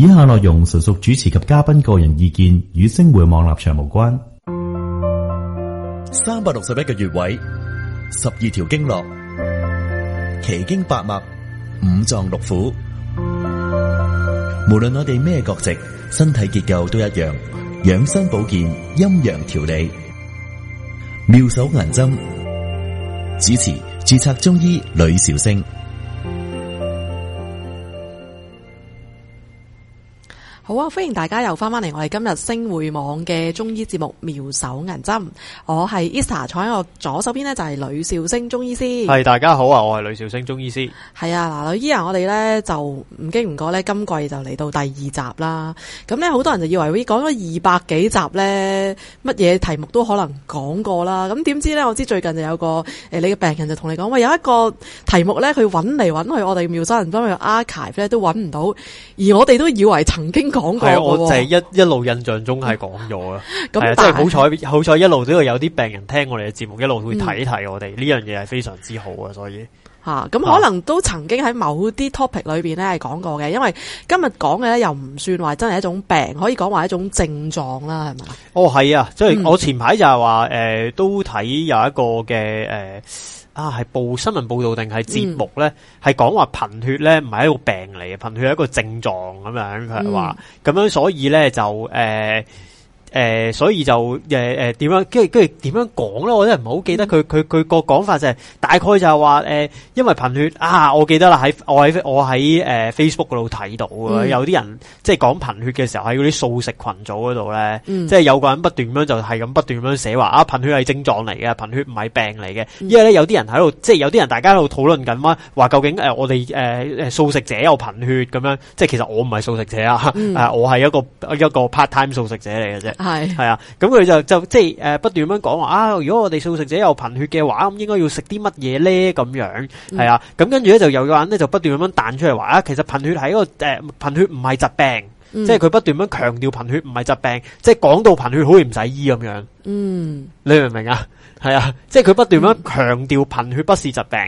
以下內容純屬主持及嘉賓個人意見，與星回網立場無關。三百六十一個穴位，十二條經絡，奇經八脈，五臟六腑。無論我哋咩國籍，身體結構都一樣。養生保健，陰陽調理，妙手銀針。主持註冊中醫呂小星。好啊！歡迎大家又翻翻嚟，我哋今日星匯網嘅中醫節目《妙手銀針》，我係 Isa 坐喺我左手邊咧，就係、是、呂少星中醫師。係大家好啊！我係呂少星中醫師。係啊，嗱呂醫啊我哋咧就唔經唔覺咧，今季就嚟到第二集啦。咁咧，好多人就以為，講咗二百幾集咧，乜嘢題目都可能講過啦。咁點知咧？我知最近就有個誒、呃，你嘅病人就同你講，喂，有一個題目咧，佢揾嚟揾去我們，我哋妙手銀針嘅 Archive 咧都揾唔到，而我哋都以為曾經。係啊，我就係一一路印象中係講咗啊，係、嗯、啊，即係好彩，好彩一路都有啲病人聽我哋嘅節目，一路會睇睇我哋呢、嗯、樣嘢係非常之好啊，所以吓咁、啊、可能都曾經喺某啲 topic 裏邊咧係講過嘅，因為今日講嘅咧又唔算話真係一種病，可以講話一種症狀啦，係咪？哦，係啊，即係我前排就係話誒，都睇有一個嘅誒。呃啊，係報新聞報道定係節目咧？係講話貧血咧，唔係一個病嚟嘅，貧血係一個症狀咁樣，佢係話咁樣，所以咧就誒。呃誒、呃，所以就誒誒點樣，跟住跟住點樣講咯？我真係唔好記得佢佢佢個講法就係、是、大概就係話誒，因為貧血啊，我記得啦，喺我喺我喺誒、呃、Facebook 嗰度睇到嘅，嗯、有啲人即係講貧血嘅時候喺嗰啲素食群組嗰度咧，嗯、即係有個人不斷咁就係咁不斷咁寫話啊，貧血係症狀嚟嘅，貧血唔係病嚟嘅。因為咧有啲人喺度，即係有啲人大家喺度討論緊乜話究竟誒、呃、我哋誒誒素食者有貧血咁樣，即係其實我唔係素食者啊，嗯、啊我係一個一個 part time 素食者嚟嘅啫。係係啊，咁佢就就即係誒，不斷咁樣講話啊，如果我哋素食者有貧血嘅話，咁應該要食啲乜嘢咧？咁樣係、嗯、啊，咁跟住咧就有一個人咧就不斷咁樣彈出嚟話啊，其實貧血係一個誒，貧、呃、血唔係疾、嗯、疾病，即係佢不斷咁強調貧血唔係疾病，即係講到貧血好似唔使醫咁樣。嗯，你明唔明啊？係啊，即係佢不斷咁強調貧血不是疾病，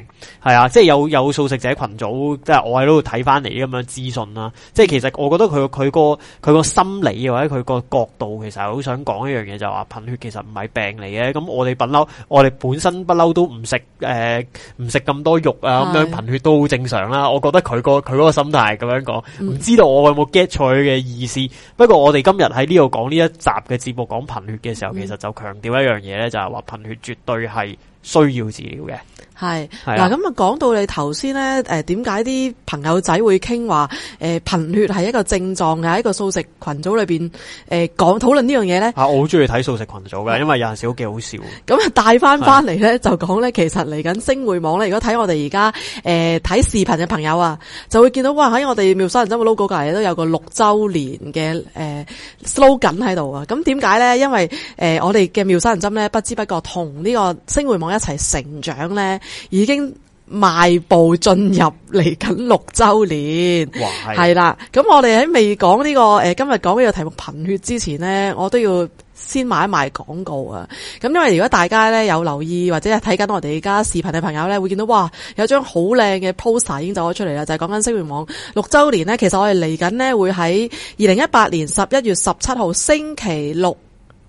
係啊，即係有有素食者群組，即係我喺度睇翻嚟，咁樣資訊啦。即係其實我覺得佢佢、個佢個心理或者佢個角度，其實好想講一樣嘢，就話、是、貧血其實唔係病嚟嘅。咁我哋不嬲，我哋本身不嬲都唔食誒唔食咁多肉啊，咁樣貧血都好正常啦。我覺得佢個佢嗰個心態係咁樣講，唔知道我有冇 get 錯佢嘅意思、嗯。不過我哋今日喺呢度講呢一集嘅節目講貧血嘅時候，嗯、其實。就強調一樣嘢咧，就係話貧血絕對係需要治療嘅。係嗱，咁啊講、啊、到你頭先咧，誒、呃，點解啲朋友仔會傾話誒貧、呃、血係一個症狀嘅？喺一個素食群組裏邊誒講討論呢樣嘢咧？啊，我好中意睇素食群組嘅、啊，因為有時好幾好笑。咁啊，帶翻翻嚟咧，就講咧，其實嚟緊星匯網咧，如果睇我哋而家誒睇視頻嘅朋友啊，就會見到哇喺我哋妙手銀針嘅 logo 隔籬都有個六周年嘅誒、呃、slogan 喺度啊！咁點解咧？因為誒、呃、我哋嘅妙手銀針咧，不知不覺同呢個星匯網一齊成長咧。已經邁步進入嚟緊六周年，係啦。咁我哋喺未講呢個誒今日講呢個題目貧血之前呢，我都要先買一賣廣告啊。咁因為如果大家呢有留意或者睇緊我哋而家視頻嘅朋友呢，會見到哇有張好靚嘅 poster 已經走咗出嚟啦，就係講緊星月網六周年呢，其實我哋嚟緊呢會喺二零一八年十一月十七號星期六。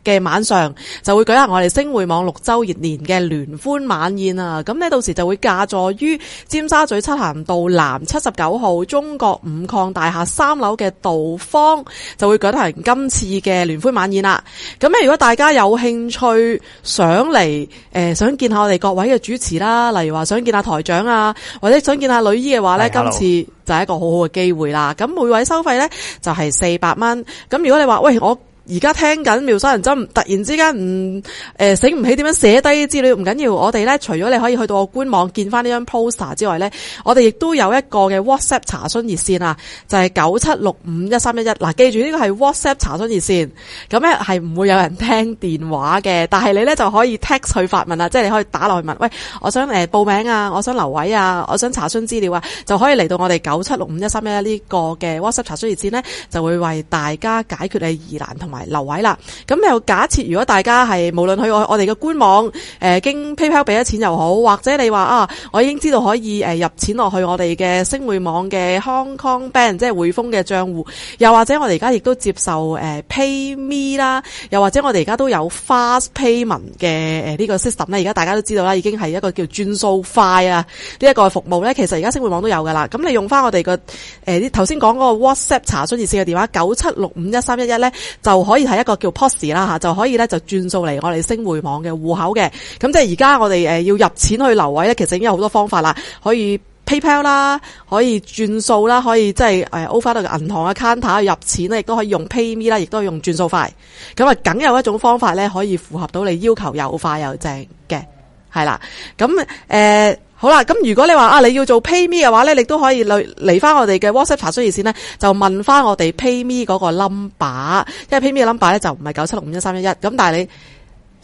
嘅晚上就會舉行我哋星匯網六周熱年嘅聯歡晚宴啊！咁呢到時就會假座於尖沙咀漆咸道南七十九號中國五礦大廈三樓嘅道方就會舉行今次嘅聯歡晚宴啦！咁如果大家有興趣上嚟想、呃、想見下我哋各位嘅主持啦，例如話想見下台長啊，或者想見下女醫嘅話呢，yes, 今次就係一個好好嘅機會啦！咁每位收費呢，就係四百蚊。咁如果你話喂，我而家聽緊《妙手銀針》，突然之間唔誒醒唔起點樣寫低資料，唔緊要。我哋咧除咗你可以去到個官網見翻呢張 poster 之外咧，我哋亦都有一個嘅 WhatsApp 查詢熱線啊，就係九七六五一三一一。嗱、啊，記住呢個係 WhatsApp 查詢熱線，咁咧係唔會有人聽電話嘅，但係你咧就可以 text 去發問啊，即係你可以打落去問，喂，我想誒、呃、報名啊，我想留位啊，我想查詢資料啊，就可以嚟到我哋九七六五一三一一呢個嘅 WhatsApp 查詢熱線咧，就會為大家解決你疑難同。埋留位啦。咁又假設如果大家係無論去我哋嘅官網，誒、呃、經 PayPal 俾咗錢又好，或者你話啊，我已經知道可以誒、呃、入錢落去我哋嘅星匯網嘅 Hong Kong Bank，即係匯豐嘅賬戶，又或者我哋而家亦都接受誒、呃、PayMe 啦，又或者我哋而家都有 Fast Payment 嘅誒呢個 system 咧。而家大家都知道啦，已經係一個叫轉數快啊呢一個服務咧。其實而家星匯網都有噶啦。咁你用翻我哋個誒頭先講嗰個 WhatsApp 查詢熱線嘅電話九七六五一三一一咧就。可以係一個叫 POS 啦吓，就可以咧就轉數嚟我哋星匯網嘅戶口嘅。咁即係而家我哋誒要入錢去留位咧，其實已經有好多方法啦。可以 PayPal 啦，可以轉數啦，可以即係誒 over 到銀行嘅 counter 入錢咧，亦都可以用 PayMe 啦，亦都可以用轉數快。咁啊，梗有一種方法咧可以符合到你要求有快有正的，又快又正嘅，係啦。咁、呃、誒。好啦，咁如果你話啊你要做 PayMe 嘅話咧，你都可以嚟嚟翻我哋嘅 WhatsApp 查詢熱線咧，就問翻我哋 PayMe 嗰個 number，因為 PayMe 嘅 number 咧就唔係九七六五一三一一，咁但係你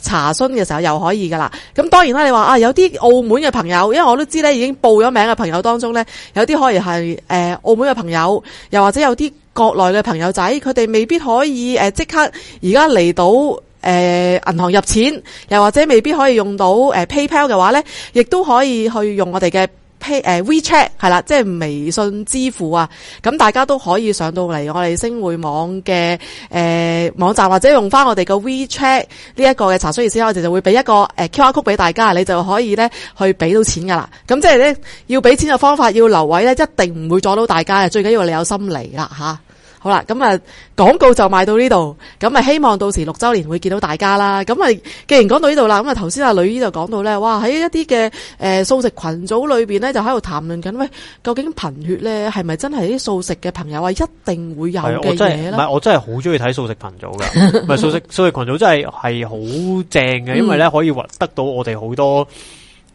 查詢嘅時候又可以噶啦。咁當然啦，你話啊有啲澳門嘅朋友，因為我都知咧已經報咗名嘅朋友當中咧，有啲可以係誒、呃、澳門嘅朋友，又或者有啲國內嘅朋友仔，佢哋未必可以誒即、呃、刻而家嚟到。誒、呃，銀行入錢，又或者未必可以用到誒、呃、PayPal 嘅話咧，亦都可以去用我哋嘅 Pay 誒、呃、WeChat 係啦，即係微信支付啊。咁大家都可以上到嚟我哋星匯網嘅誒、呃、網站，或者用返我哋嘅 WeChat 呢一個嘅查詢意思，我哋就會俾一個誒、呃、QR code 俾大家，你就可以咧去俾到錢噶啦。咁即係咧要俾錢嘅方法，要留位咧，一定唔會阻到大家嘅，最緊要你有心嚟啦吓。啊好啦，咁啊廣告就賣到呢度，咁、嗯、咪希望到時六周年會見到大家啦。咁、嗯、啊，既然講到呢度啦，咁啊頭先阿女姨就講到咧，哇喺一啲嘅誒素食群組裏邊咧，就喺度談論緊，喂、欸、究竟貧血咧係咪真係啲素食嘅朋友話一定會有嘅嘢咧？唔係，我真係好中意睇素食群組噶，唔係 素食素食群組真係係好正嘅，因為咧、嗯、可以獲得到我哋好多。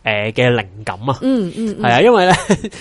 誒嘅靈感啊，嗯嗯，係啊，因為咧、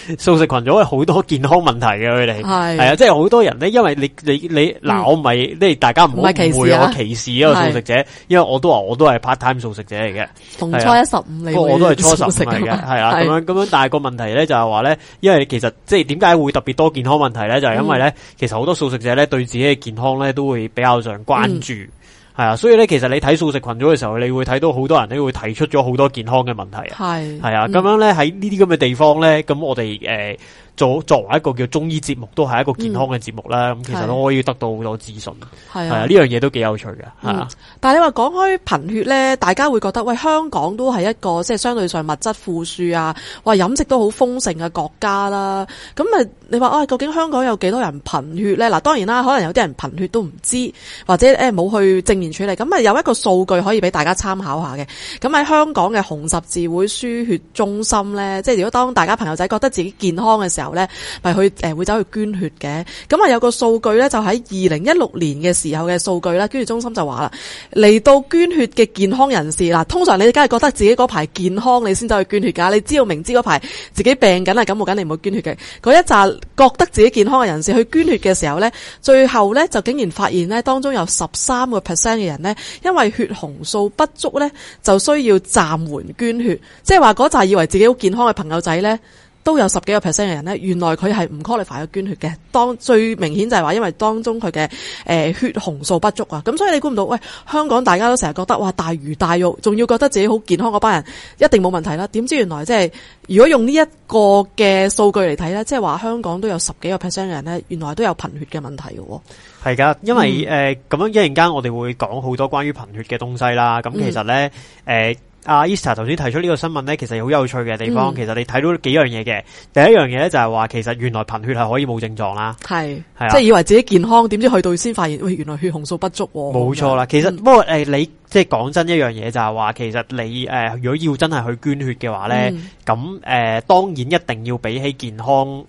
嗯、素食群組係好多健康問題嘅佢哋，係、嗯、啊，即係好多人咧，因為你你你嗱、嗯，我咪即係大家唔好唔係歧視啊，我歧視一個素食者，嗯、因為我都話我都係 part time 素食者嚟嘅，同初一十五、啊、你我都係初十五嚟嘅，係啊，咁樣咁、啊啊、樣，但係個問題咧就係話咧，因為其實即係點解會特別多健康問題咧，就係、是、因為咧、嗯，其實好多素食者咧對自己嘅健康咧都會比較上關注。嗯係啊，所以咧，其實你睇素食群組嘅時候，你會睇到好多人咧會提出咗好多健康嘅問題啊。係係啊，咁樣咧，喺呢啲咁嘅地方咧，咁我哋誒。呃做作為一個叫中醫節目，都係一個健康嘅節目啦。咁、嗯、其實都可以得到好多資訊，係啊，呢樣嘢都幾有趣嘅、嗯、但係你話講開貧血咧，大家會覺得喂，香港都係一個即係相對上物質富庶啊，哇、呃！飲食都好豐盛嘅國家啦。咁啊，你話喂，究竟香港有幾多人貧血咧？嗱，當然啦，可能有啲人貧血都唔知道，或者誒冇去正面處理。咁啊，有一個數據可以俾大家參考一下嘅。咁喺香港嘅紅十字會輸血中心咧，即係如果當大家朋友仔覺得自己健康嘅時候，咧，咪去誒，會走去捐血嘅。咁啊，有個數據咧，就喺二零一六年嘅時候嘅數據啦。捐血中心就話啦，嚟到捐血嘅健康人士，啦，通常你梗係覺得自己嗰排健康，你先走去捐血噶。你知道明知嗰排自己病緊啦，感冒緊，你唔會捐血嘅。嗰一紮覺得自己健康嘅人士去捐血嘅時候咧，最後咧就竟然發現咧，當中有十三個 percent 嘅人咧，因為血紅素不足咧，就需要暫緩捐血。即係話嗰紮以為自己好健康嘅朋友仔咧。都有十幾個 percent 嘅人咧，原來佢係唔 qualify 捐血嘅。當，最明顯就係話，因為當中佢嘅、呃、血紅素不足啊，咁所以你估唔到，喂，香港大家都成日覺得哇大魚大肉，仲要覺得自己好健康嗰班人一定冇問題啦。點知原來即係如果用呢一個嘅數據嚟睇咧，即係話香港都有十幾個 percent 嘅人咧，原來都有貧血嘅問題嘅喎。係噶，因為呃、咁樣一陣間我哋會講好多關於貧血嘅東西啦。咁其實咧阿 Easter 頭先提出呢個新聞咧，其實好有趣嘅地方，嗯、其實你睇到，幾樣嘢嘅。第一樣嘢咧就係話，其實原來貧血係可以冇症狀啦。係、啊，即係以為自己健康，點知去到先發現，喂，原來血紅素不足，啊。冇錯啦。嗯、其實、嗯、不過誒、呃，你即係講真一樣嘢就係話，其實你誒、呃，如果要真係去捐血嘅話咧，咁、嗯、誒、呃，當然一定要比起健康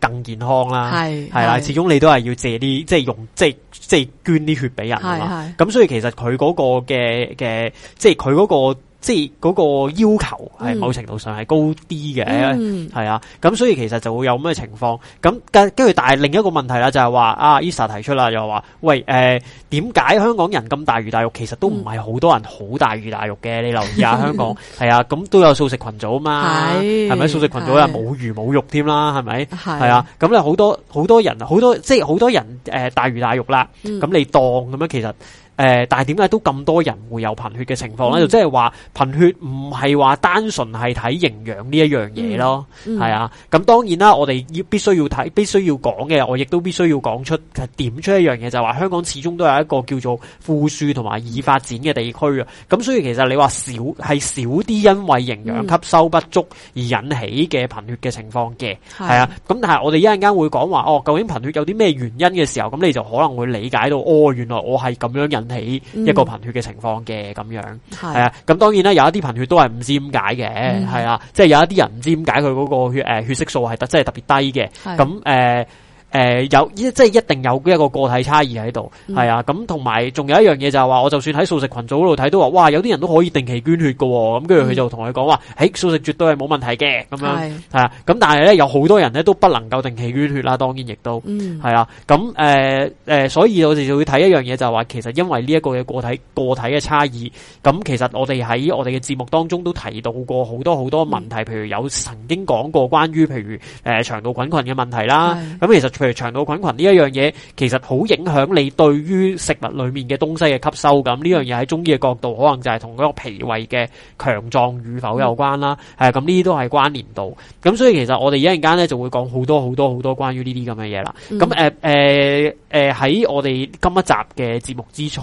更健康啦。係，係啦、啊，始終你都係要借啲，即係用，即係即係捐啲血俾人。係，係。咁所以其實佢嗰個嘅嘅，即係佢嗰個。即係嗰個要求係某程度上係高啲嘅，係、嗯、啊，咁所以其實就會有咁嘅情況，咁跟住，但係另一個問題啦，就係話啊，Elsa 提出啦，又話喂，誒、呃，點解香港人咁大魚大肉，其實都唔係好多人好大魚大肉嘅、嗯。你留意下香港，係 啊，咁都有素食群組嘛，係咪素食群組係冇魚冇肉添啦？係咪？係啊，咁咧好多好多人，好多即係好多人誒、呃，大魚大肉啦，咁、嗯、你當咁樣其實。誒、呃，但係點解都咁多人會有貧血嘅情況咧？嗯、就即係話貧血唔係話單純係睇營養呢一樣嘢咯，係、嗯嗯、啊。咁當然啦，我哋要必須要睇，必須要講嘅，我亦都必須要講出係點出一樣嘢，就係、是、話香港始終都有一個叫做富庶同埋已發展嘅地區啊。咁、嗯、所以其實你話少係少啲因為營養吸收不足而引起嘅貧血嘅情況嘅，係、嗯、啊。咁、啊、但係我哋一陣間會講話哦，究竟貧血有啲咩原因嘅時候，咁你就可能會理解到哦，原來我係咁樣引起、嗯、一個貧血嘅情況嘅，咁樣係啊，咁當然啦，有一啲貧血都係唔知點解嘅，係、嗯、啊。即係有一啲人唔知點解佢嗰個血誒、呃、血色素係特真係特別低嘅，咁誒。呃誒、呃，有即係一定有嘅一個個體差異喺度，係、嗯、啊，咁同埋仲有一樣嘢就係話，我就算喺素食群組嗰度睇都話，哇，有啲人都可以定期捐血嘅、哦，咁跟住佢就同佢講話，誒、嗯欸，素食絕對係冇問題嘅，咁樣係啊，咁但係咧有好多人咧都不能夠定期捐血啦，當然亦都係、嗯、啊，咁誒誒，所以我哋就會睇一樣嘢就係話，其實因為呢一個嘅個體個體嘅差異，咁其實我哋喺我哋嘅節目當中都提到過好多好多問題、嗯，譬如有曾經講過關於譬如誒腸道菌群嘅問題啦，咁其實。譬如腸道菌群呢一樣嘢，其實好影響你對於食物裏面嘅東西嘅吸收咁，呢樣嘢喺中醫嘅角度，可能就係同嗰個脾胃嘅強壯與否有關啦。係、嗯、咁，呢、啊、啲都係關連度。咁所以其實我哋一陣間咧，就會講好多好多好多關於呢啲咁嘅嘢啦。咁誒誒誒，喺、呃呃呃、我哋今一集嘅節目之初，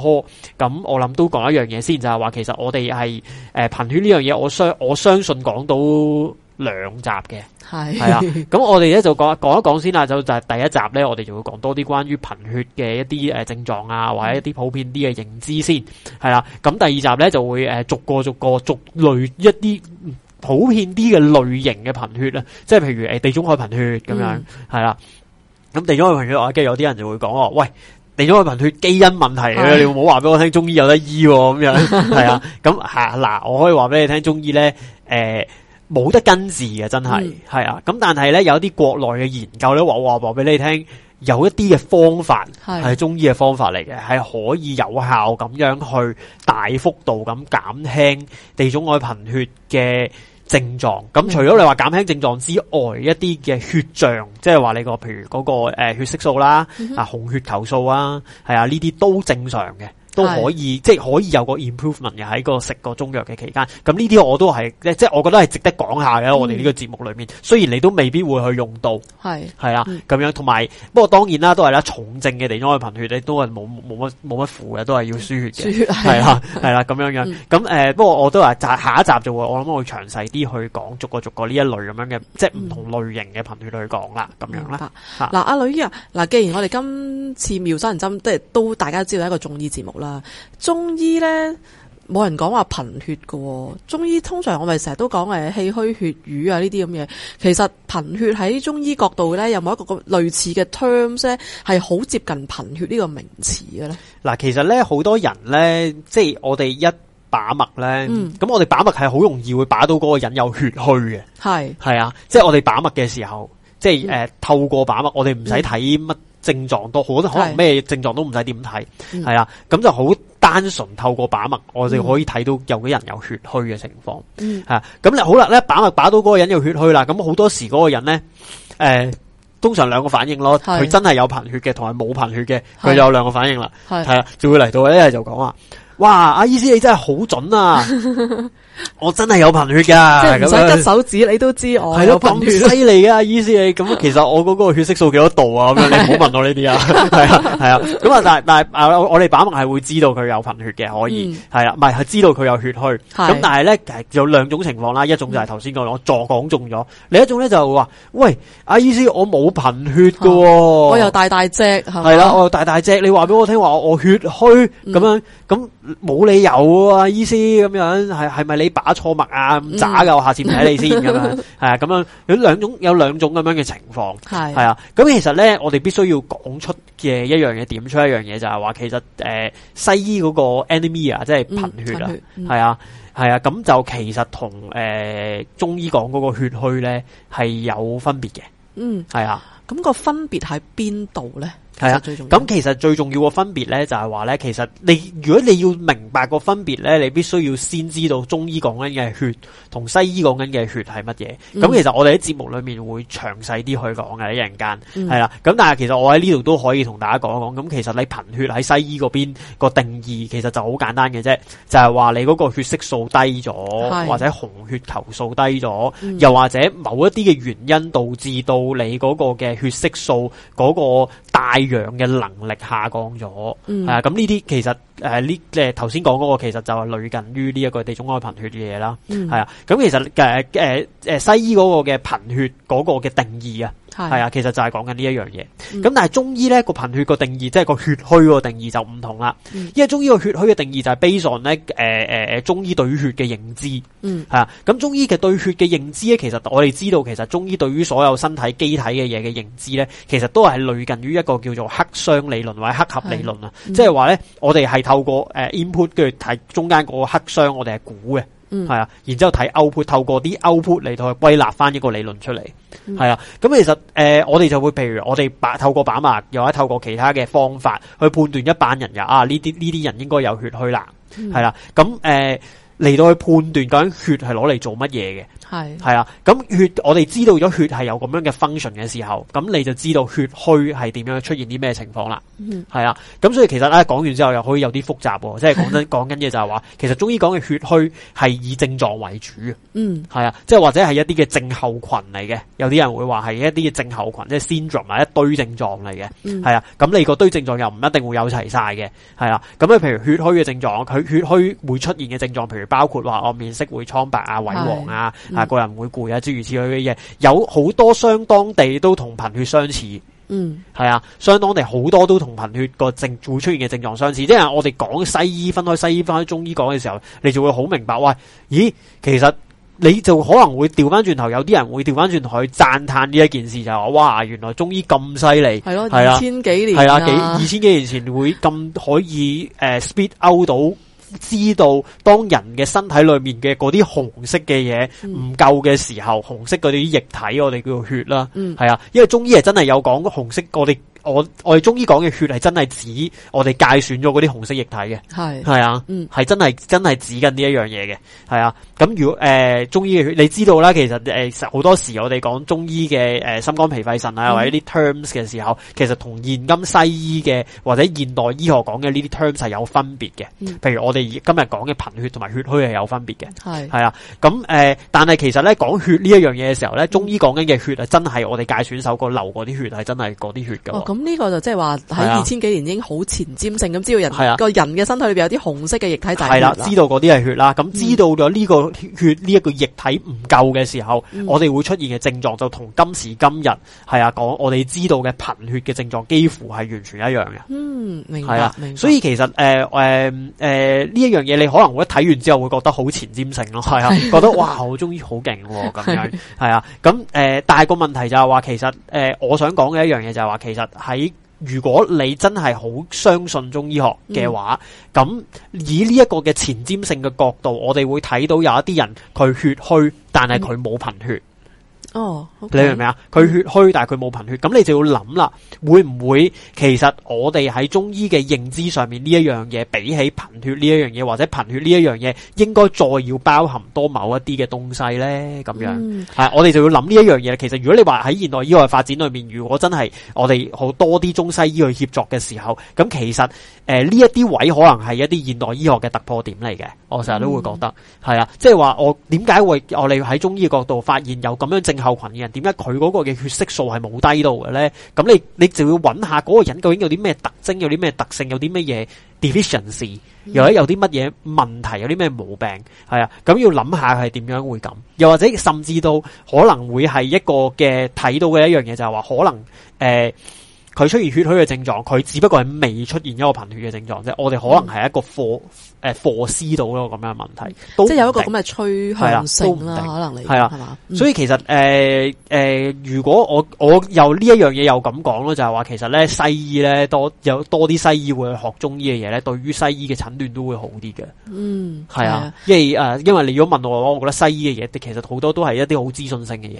咁、嗯、我諗都講一樣嘢先，就係、是、話其實我哋係誒貧血呢樣嘢，我相我相信講到。兩集嘅係係咁，我哋咧就講講一講先啦，就就係係第一集咧，我哋就會講多啲關於貧血嘅一啲誒症狀啊，或者一啲普遍啲嘅認知先係啦。咁第二集咧就會誒逐、逐個逐個逐類一啲普遍啲嘅類型嘅貧血啦，即係譬如誒地中海貧血咁樣係啦。咁、嗯、地中海貧血我記得有啲人就會講哦，喂，地中海貧血基因問題呢，你唔好話俾我聽中醫有得醫咁樣係啊。咁吓嗱，我可以話俾你聽中醫咧誒。呃冇得根治嘅，真係係、嗯、啊！咁但係咧，有啲國內嘅研究咧，話話話俾你聽，有一啲嘅方法係中醫嘅方法嚟嘅，係可以有效咁樣去大幅度咁減輕地中海貧血嘅症狀。咁、嗯、除咗你話減輕症狀之外，一啲嘅血象，即係話你個譬如嗰個誒血色素啦，嗯、啊紅血球素啦啊，係啊呢啲都正常嘅。都可以，即係可以有個 improvement 嘅喺個食個中藥嘅期間。咁呢啲我都係，即係我覺得係值得講下嘅、嗯。我哋呢個節目裏面，雖然你都未必會去用到，係係啦，咁樣。同埋不過當然啦，都係啦，重症嘅地方嘅貧血咧，都係冇冇乜冇乜符嘅，都係要輸血嘅。係啦，係啦、啊，咁、啊 啊啊、樣這樣，咁、嗯、誒、呃、不過我都話下一集就會，我諗會詳細啲去講，逐個逐個呢一類咁樣嘅，即係唔同類型嘅貧血去講啦，咁樣啦。嗱、嗯，阿女醫啊，嗱、啊啊呃呃，既然我哋今次妙手銀針，即係都大家知道一個中醫節目啦。啊！中醫咧冇人講話貧血嘅，中醫通常我咪成日都講誒氣虛血瘀啊呢啲咁嘢。其實貧血喺中醫角度咧，有冇一個類似嘅 terms 咧，係好接近貧血呢個名詞嘅咧？嗱，其實咧好多人咧，即係我哋一把脈咧，咁、嗯、我哋把脈係好容易會把到嗰個人有血虛嘅，係係啊，即係我哋把脈嘅時候，嗯、即係誒、呃、透過把脈，我哋唔使睇乜。症狀都好多，可能咩症狀都唔使點睇，係啊、嗯，咁就好單純透過把脈，我哋可以睇到有啲人有血虛嘅情況，嚇、嗯嗯，咁咧好啦，咧把脈把到嗰個人有血虛啦，咁好多時嗰個人咧，誒、呃，通常兩個反應咯，佢真係有貧血嘅，同埋冇貧血嘅，佢就有兩個反應啦，係啊，就會嚟到一日就講話，哇，阿醫師你真係好準啊！ 我真係有貧血噶，唔使屈手指，你都知我係咯咁犀利噶，醫師你咁其實我嗰個血色素幾多度啊？咁 樣你唔好問我呢啲啊，係啊係啊。咁 啊，但係但係我哋把脈係會知道佢有貧血嘅，可以係啊！唔係係知道佢有血虛。咁但係咧，其實有兩種情況啦，一種就係頭先我我講中咗，另一種咧就話、是、喂，阿醫師我冇貧血噶、嗯，我又大大隻係啦，我又大大隻，你話俾我聽話我血虛咁樣咁。嗯冇理由啊，醫師。咁樣係係咪你把錯脈啊咁渣嘅？嗯、我下次唔睇你先咁樣，係啊咁樣有兩種有兩種咁樣嘅情況，係係啊。咁其實咧，我哋必須要講出嘅一樣嘢，點出一樣嘢就係話，其實誒、呃、西醫嗰個 anemia 啊，即係貧血啊，係啊係啊。咁、嗯、就其實同誒、呃、中醫講嗰個血虛咧係有分別嘅，嗯係啊。咁、個分別喺邊度咧？係啊，咁其實最重要嘅，啊，分別咧，就係話咧，其實你如果你要明白個分別咧，你必須要先知道中醫講緊嘅血，同西醫講緊嘅血係乜嘢？咁，嗯，其實我哋喺節目裏面會詳細啲去講嘅，一陣間係啦。咁，啊，但係其實我喺呢度都可以同大家講講。咁其實你貧血喺西醫嗰邊個定義，其實就好簡單嘅啫，就係，是，話你嗰個血色素低咗，或者紅血球素低咗，嗯，又或者某一啲嘅原因導致到你嗰個嘅血色素嗰，嗰個。帶氧嘅能力下降咗，嗯，啊，咁呢啲其實。誒、呃，呢誒頭先講嗰個其實就係類近於呢一個地中海貧血嘅嘢啦，係、嗯、啊。咁、嗯、其實誒誒誒西醫嗰個嘅貧血嗰個嘅定義啊，係啊，其實就係講緊呢一樣嘢。咁、嗯、但係中醫咧個貧血個定義，即係個血虛個定義就唔同啦、嗯。因為中醫個血虛嘅定義就係 based on 咧、呃，誒誒誒中醫對血嘅認知，係、嗯、啊。咁中醫嘅對血嘅認知咧，其實我哋知道，其實中醫對於所有身體機體嘅嘢嘅認知咧，其實都係類近於一個叫做黑箱理論或者黑盒理論啊、嗯，即係話咧，我哋係。透過誒 input，跟住睇中間個黑箱我，我哋係估嘅，係啊，然之後睇 output，透過啲 output 嚟到去歸納翻一個理論出嚟，係、嗯、啊，咁其實誒、呃，我哋就會，譬如我哋把透過把脈，又或者透過其他嘅方法去判斷一班人噶啊，呢啲呢啲人應該有血虛啦，係、嗯、啦，咁誒。呃嚟到去判斷究竟血係攞嚟做乜嘢嘅，係係啦，咁、啊、血我哋知道咗血係有咁樣嘅 function 嘅時候，咁你就知道血虛係點樣出現啲咩情況啦，係、嗯、啊，咁所以其實咧、啊、講完之後又可以有啲複雜喎、哦，即係講緊講緊嘢就係話，其實中醫講嘅血虛係以症狀為主，嗯，係啊，即係或者係一啲嘅症候群嚟嘅，有啲人會話係一啲嘅症候群，即係 syndrome 埋一堆症狀嚟嘅，係、嗯、啊，咁你個堆症狀又唔一定會有齊晒嘅，係啊。咁你譬如血虛嘅症狀，佢血虛會出現嘅症狀，譬如。包括話我面色會蒼白啊、萎黃啊、嗯、啊個人會攰啊，諸如此類嘅嘢，有好多相當地都同貧血相似。嗯，係啊，相當地好多都同貧血個症會出現嘅症狀相似。即係我哋講西醫分開西醫分開中醫講嘅時候，你就會好明白。喂，咦，其實你就可能會調翻轉頭，有啲人會調翻轉頭去讚嘆呢一件事，就係話，哇，原來中醫咁犀利。係咯，係啊，千幾年、啊，係啊，幾二千幾年前會咁可以誒、uh, speed out 到。知道當人嘅身體裏面嘅嗰啲紅色嘅嘢唔夠嘅時候，嗯、紅色嗰啲液體我哋叫做血啦，係、嗯、啊，因為中醫係真係有講紅色嗰啲。我我哋中醫講嘅血係真係指我哋界選咗嗰啲紅色液體嘅，係係啊，係真係、嗯、真係指緊呢一樣嘢嘅，係啊。咁如果誒、呃、中醫嘅血，你知道啦，其實誒好、呃、多時我哋講中醫嘅誒、呃、心肝脾肺腎啊、嗯，或者啲 terms 嘅時候，其實同現今西醫嘅或者現代醫學講嘅呢啲 terms 係有分別嘅。嗯，譬如我哋今日講嘅貧血同埋血虛係有分別嘅，係係啊。咁誒、呃，但係其實咧講血呢一樣嘢嘅時候咧，中醫講緊嘅血係真係我哋界選手過流啲血係真係嗰啲血噶。哦咁呢個就即係話，喺二千幾年已經好前瞻性咁、啊、知道人個、啊、人嘅身體裏邊有啲紅色嘅液體就，係啦、啊，知道嗰啲係血啦。咁知道咗呢個血呢一、嗯這個液體唔夠嘅時候，嗯、我哋會出現嘅症狀就同今時今日係啊講我哋知道嘅貧血嘅症狀幾乎係完全一樣嘅。嗯，明係啦、啊，所以其實誒誒誒呢一樣嘢，你可能會一睇完之後會覺得好前瞻性咯，係啊，覺得哇好中意，好勁咁樣，係 啊。咁誒、呃，但係個問題就係話，其實誒，我想講嘅一樣嘢就係話，其實。呃喺如果你真係好相信中醫學嘅話，咁以呢一個嘅前瞻性嘅角度，我哋會睇到有一啲人佢血虛，但係佢冇貧血。哦、oh, okay.，你明唔明啊？佢血虛，但係佢冇貧血，咁你就要諗啦，會唔會其實我哋喺中醫嘅認知上面呢一樣嘢，比起貧血呢一樣嘢，或者貧血呢一樣嘢，應該再要包含多某一啲嘅東西呢？咁樣係、嗯，我哋就要諗呢一樣嘢。其實如果你話喺現代醫學發展裏面，如果真係我哋好多啲中西醫去協作嘅時候，咁其實誒呢一啲位可能係一啲現代醫學嘅突破點嚟嘅，我成日都會覺得係啊。即係話我點解會我哋喺中醫角度發現有咁樣正？後群嘅人，點解佢嗰個嘅血色素係冇低到嘅咧？咁你你就要揾下嗰個人究竟有啲咩特徵，有啲咩特性，有啲乜嘢 deficiency，或者有啲乜嘢問題，有啲咩毛病係啊？咁要諗下係點樣會咁？又或者甚至到可能會係一個嘅睇到嘅一樣嘢，就係、是、話可能誒，佢、呃、出現血虛嘅症狀，佢只不過係未出現一個貧血嘅症狀啫。就是、我哋可能係一個科。誒，課思到咯，咁樣嘅問題，即係有一個咁嘅趨向性啦，可能你係係嘛？所以其實誒誒、呃呃，如果我我又呢一樣嘢又咁講咯，就係、是、話其實咧西醫咧多有多啲西醫會學中醫嘅嘢咧，對於西醫嘅診斷都會好啲嘅。嗯，係啊，因為誒、呃，因為你如果問我嘅話，我我覺得西醫嘅嘢，其實好多都係一啲好資訊性嘅嘢，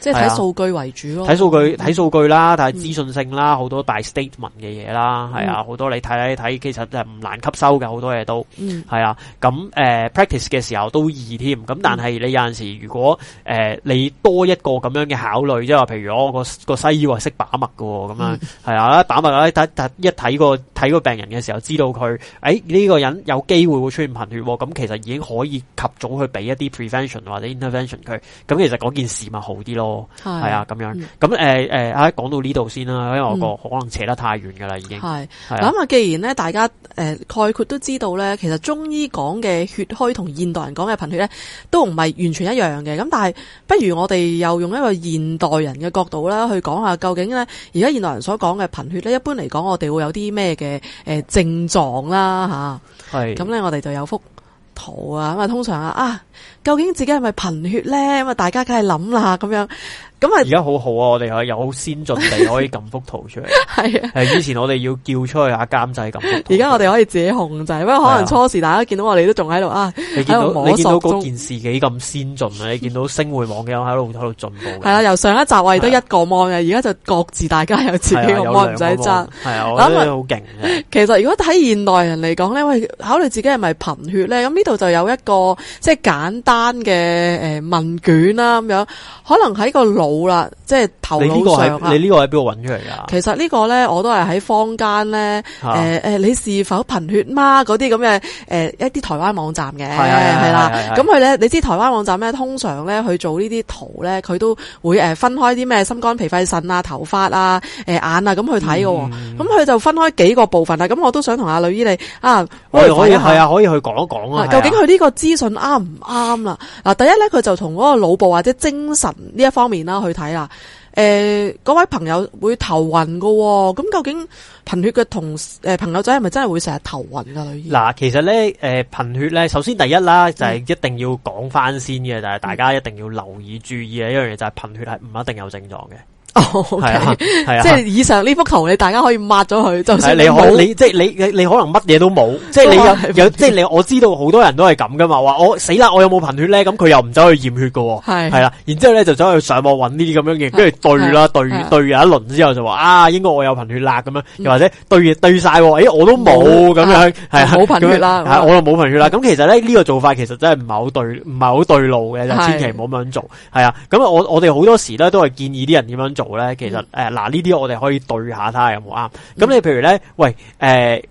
即係睇數據為主咯，睇數據睇數、嗯、據啦，但係資訊性啦，好、嗯、多大 statement 嘅嘢啦，係啊，好、嗯、多你睇睇睇，其實唔難吸收嘅，好多嘢都。嗯，係啊，咁誒、呃、practice 嘅時候都易添，咁但係你有陣時，如果誒、呃、你多一個咁樣嘅考慮，即係話譬如我個、哦那個西醫話識把脈嘅喎，咁樣係啊，把脈一睇個睇個病人嘅時候，知道佢誒呢個人有機會會出現貧血喎，咁、哦嗯、其實已經可以及早去俾一啲 prevention 或者 intervention 佢，咁其實嗰件事咪好啲咯，係啊，啊，咁、嗯、樣，咁誒誒啊，講到呢度先啦、啊，因為我個可能扯得太遠噶啦，已經，係、嗯、係。諗下啊、既然咧大家誒、呃、概括都知道咧，其實其實中醫講嘅血虛同現代人講嘅貧血咧，都唔係完全一樣嘅。咁但係不如我哋又用一個現代人嘅角度啦，去講下究竟咧，而家現代人所講嘅貧血咧，一般嚟講我哋會有啲咩嘅誒症狀啦吓？係咁咧，我哋就有幅圖啊，咁啊通常啊啊。究竟自己係咪貧血咧？咁啊，大家梗係諗啦，咁樣咁啊。而家好好啊，我哋係又好先進，地可以撳幅圖出嚟。係 是啊， 以前我哋要叫出去下監製咁，而家我哋可以自己控制。不過可能初時大家見到我哋都仲喺度啊，喺度摸索中。件事幾咁先進啊！你見到星匯 網嘅喺度喺度進步，係係啦，由上一集位都一個網嘅。而家、啊、就各自大家有自己、啊、有個網，mon 仔揸。係啊，我覺得好勁。其實如果睇現代人嚟講咧，喂，考慮自己係咪貧血咧？咁呢度就有一個即係揀。就是簡單嘅誒問卷啦、啊，咁樣可能喺個腦啦，即係頭腦上你呢個你呢個喺邊度搵出嚟噶？其實個呢個咧，我都係喺坊間咧，誒、啊、誒、欸，你是否貧血嗎？嗰啲咁嘅誒一啲台灣網站嘅係啦。咁佢咧，你知台灣網站咧，通常咧去做呢啲圖咧，佢都會誒分開啲咩心肝脾肺腎啊、頭髮啊、誒眼啊咁去睇嘅、哦。咁、嗯、佢就分開幾個部分啦，咁我都想同阿呂姨你啊，可以係啊，啊，可以去講一講啊，啊。究竟佢呢個資訊啱唔啱？啊啊啱啦，嗱，第一咧佢就同嗰個腦部或者精神呢一方面啦去睇啦，誒、呃，嗰位朋友會頭暈噶，咁究竟貧血嘅同誒、呃、朋友仔係咪真係會成日頭暈噶咧？嗱，其實咧，誒、呃、貧血咧，首先第一啦，就係、是、一定要講翻先嘅、嗯，就係、是、大家一定要留意注意嘅一樣嘢，就係貧血係唔一定有症狀嘅。係、okay，啊，是啊。即係以上呢幅圖，你大家可以抹咗佢，就算。係你，你即係、就是、你，你可能乜嘢都冇，即係你有，有即係你我知道好多人都係咁噶嘛，話我死啦，我有冇貧血咧？咁佢又唔走去驗血噶，係係啦，然之後咧就走去上網揾呢啲咁樣嘅，跟住對啦，啊啊、對對有一輪之後就話啊，應該我有貧血啦咁樣，又或者對對晒，哎、欸，我都冇咁、嗯、樣，係啊，冇貧、啊、血啦，係，我又冇貧血啦。咁、嗯、其實咧呢、這個做法其實真係唔係好對，唔係好對路嘅，就千祈唔好咁樣做。係啊，咁我我哋好多時咧都係建議啲人點樣做。咧，其實誒嗱，呢、呃、啲我哋可以對下睇下有冇啱。咁你譬如咧，喂誒、呃，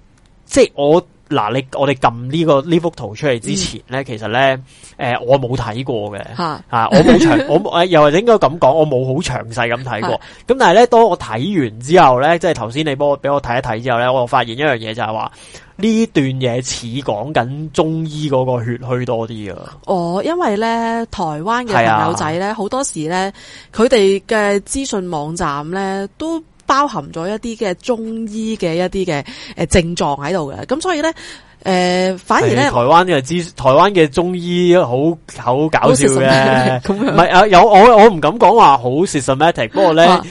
即係我。嗱，你我哋撳呢個呢幅圖出嚟之前咧，嗯、其實咧，誒、呃，我冇睇過嘅，吓、啊、吓、啊，我冇詳， 我誒，又或者應該咁講，我冇好詳細咁睇過。咁、啊、但係咧，當我睇完之後咧，即係頭先你幫我俾我睇一睇之後咧，我就發現一樣嘢就係話呢段嘢似講緊中醫嗰個血虛多啲啊。哦，因為咧台灣嘅朋友仔咧，好、啊、多時咧，佢哋嘅資訊網站咧都。包含咗一啲嘅中醫嘅一啲嘅誒症狀喺度嘅，咁所以咧誒、呃、反而咧台灣嘅知，台灣嘅中醫好好搞笑嘅，唔係啊，有我我唔敢講話好 systematic，不過咧誒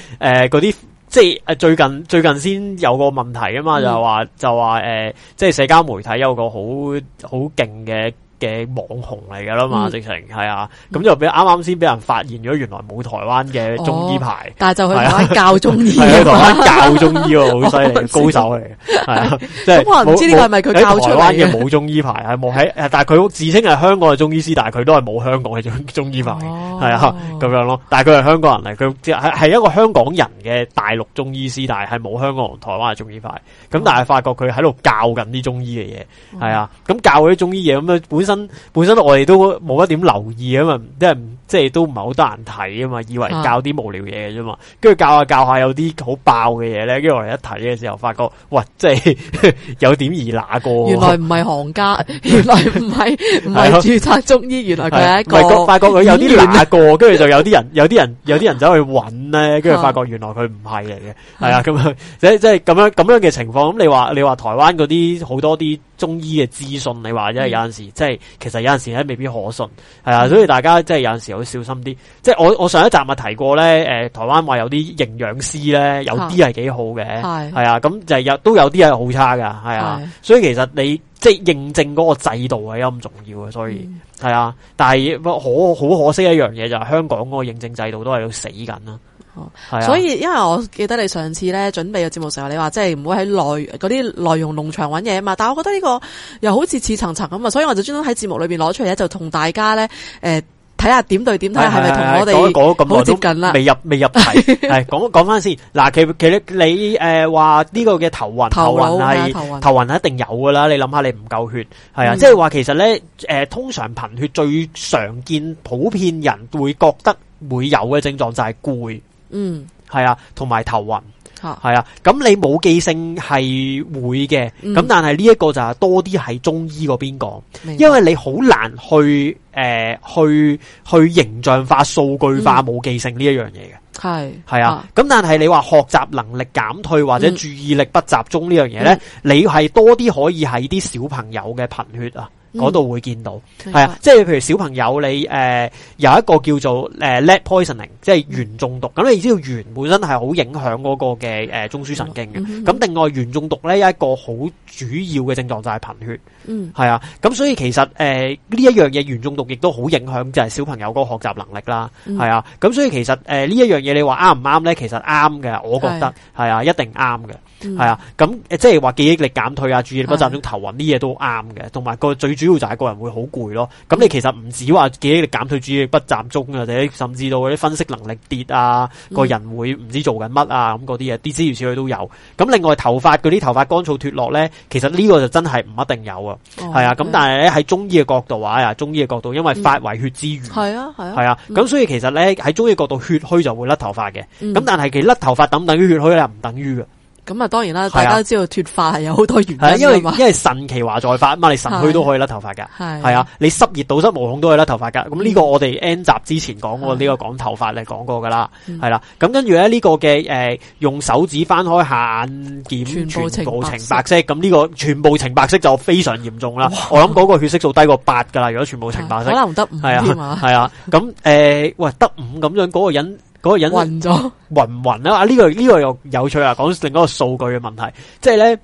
嗰啲即係最近最近先有個問題啊嘛，嗯、就係話就話誒、呃、即係社交媒體有一個好好勁嘅。嘅網紅嚟噶啦嘛，直情係、嗯、啊，咁就俾啱啱先俾人發現咗，原來冇台灣嘅中醫牌，哦、但係就去玩教中醫，玩、啊、教中醫喎，好犀利高手嚟嘅，係啊，嗯、即係我唔知呢個係咪佢教台灣嘅冇中醫牌，係冇喺，但係佢自稱係香港嘅中醫師，但係佢都係冇香港嘅中中醫牌，係、哦、啊咁樣咯。但係佢係香港人嚟，佢即係係一個香港人嘅大陸中醫師，但係係冇香港、台灣嘅中醫牌。咁、哦、但係發覺佢喺度教緊啲中醫嘅嘢，係、哦、啊，咁教嗰啲中醫嘢，咁樣本本身我哋都冇乜點留意啊嘛，即係。即係都唔係好多人睇啊嘛，以為教啲無聊嘢嘅啫嘛，跟、啊、住教，一教一下教下有啲好爆嘅嘢咧，跟住我哋一睇嘅時候，發覺，喂，即係有點二嗱個。原來唔係行家， 原來唔係唔係注冊中醫， 啊、原來佢係一個。發覺佢有啲二嗱過。跟、嗯、住就有啲人， 人，有啲人，有啲人走去揾咧，跟住發覺原來佢唔係嚟嘅，係啊，咁、啊、 樣，即係即係咁樣咁樣嘅情況。咁你話你話台灣嗰啲好多啲中醫嘅資訊，你話因為有陣時、嗯，即係其實有陣時咧未必可信，係、嗯、啊，所以大家即係有陣時。會小心啲，即係我我上一集咪提過咧，誒、呃，台灣話有啲營養師咧，有啲係幾好嘅，係係啊，咁就係有都有啲係好差嘅，係啊，所以其實你即係認證嗰個制度係咁重要嘅，所以係啊、嗯，但係可好可惜一樣嘢就係、是、香港嗰個認證制度都係要死緊啦，係、嗯、啊，所以因為我記得你上次咧準備嘅節目的時候，你話即係唔會喺內嗰啲內容農場揾嘢啊嘛，但係我覺得呢個又好似似似層層咁啊，所以我就專登喺節目裏邊攞出嚟咧，就同大家咧，誒、呃。睇下點對點睇下係咪同我哋好接近啦？未 入未入題，係講講翻先。嗱，其其實你誒話呢個嘅頭暈頭暈係頭暈係、啊、一定有噶啦。你諗下你唔夠血係啊，即係話其實咧誒、呃，通常貧血最常見、普遍人會覺得會有嘅症狀就係攰，嗯，係啊，同埋頭暈。係啊，咁你冇記性係會嘅，咁但係呢一個就係多啲喺中醫嗰邊講，因為你好難去誒、呃、去去形象化、數據化冇記性呢一樣嘢嘅，係係啊，咁但係你話學習能力減退或者注意力不集中呢樣嘢咧，你係多啲可以喺啲小朋友嘅貧血啊。嗰度會見到，係、嗯、啊，即係譬如小朋友你誒、呃、有一個叫做誒 lead poisoning，即係鉛中毒。咁你知道鉛本身係好影響嗰個嘅誒、呃、中樞神經嘅。咁另外鉛中毒咧有一個好主要嘅症狀就係貧血，係、嗯、啊。咁所以其實誒呢、呃、一樣嘢鉛中毒亦都好影響就係小朋友嗰個學習能力啦，係、嗯、啊。咁所以其實誒、呃、呢一樣嘢你話啱唔啱咧？其實啱嘅，我覺得係啊，一定啱嘅，係啊。咁即係話記憶力減退啊、注意力不集中、頭暈呢嘢都啱嘅，同埋個最.主要就係個人會好攰咯，咁你其實唔止話記憶力減退主義、注意力不集中啊，或者甚至到嗰啲分析能力跌啊，個人會唔知做緊乜啊，咁嗰啲嘢，啲諸如此類都有。咁另外頭髮嗰啲頭髮乾燥脫落咧，其實呢個就真係唔一定有、哦、啊，係啊。咁但係咧喺中醫嘅角度話，啊中醫嘅角度，因為髮為血之餘，係啊係啊，係啊。咁、啊啊、所以其實咧喺中醫角度，血虛就會甩頭髮嘅。咁、嗯、但係其實甩頭髮，等唔等於血虛啊？唔等於嘅。咁啊，當然啦，大家都知道脫髮係有好多原因。係啊，因為因為腎其華在髮嘛，你腎虛都可以甩頭髮噶。係啊，你濕熱堵塞毛孔都可以甩頭髮噶。咁呢個我哋 N 集之前講過，個講講過、嗯、呢、呢個講頭髮嚟講過噶啦，係啦。咁跟住咧呢個嘅誒，用手指翻開下眼瞼，全部呈白色。咁呢個全部呈白色就非常嚴重啦。我諗嗰個血色素低過八噶啦，如果全部呈白色，可能得五係係係啊，咁誒、呃，喂，得五咁樣嗰、嗰個人。嗰、那個人暈咗，暈暈啦啊！呢、這個呢、這個又有趣啊，講另一個數據嘅問題，即係咧，誒、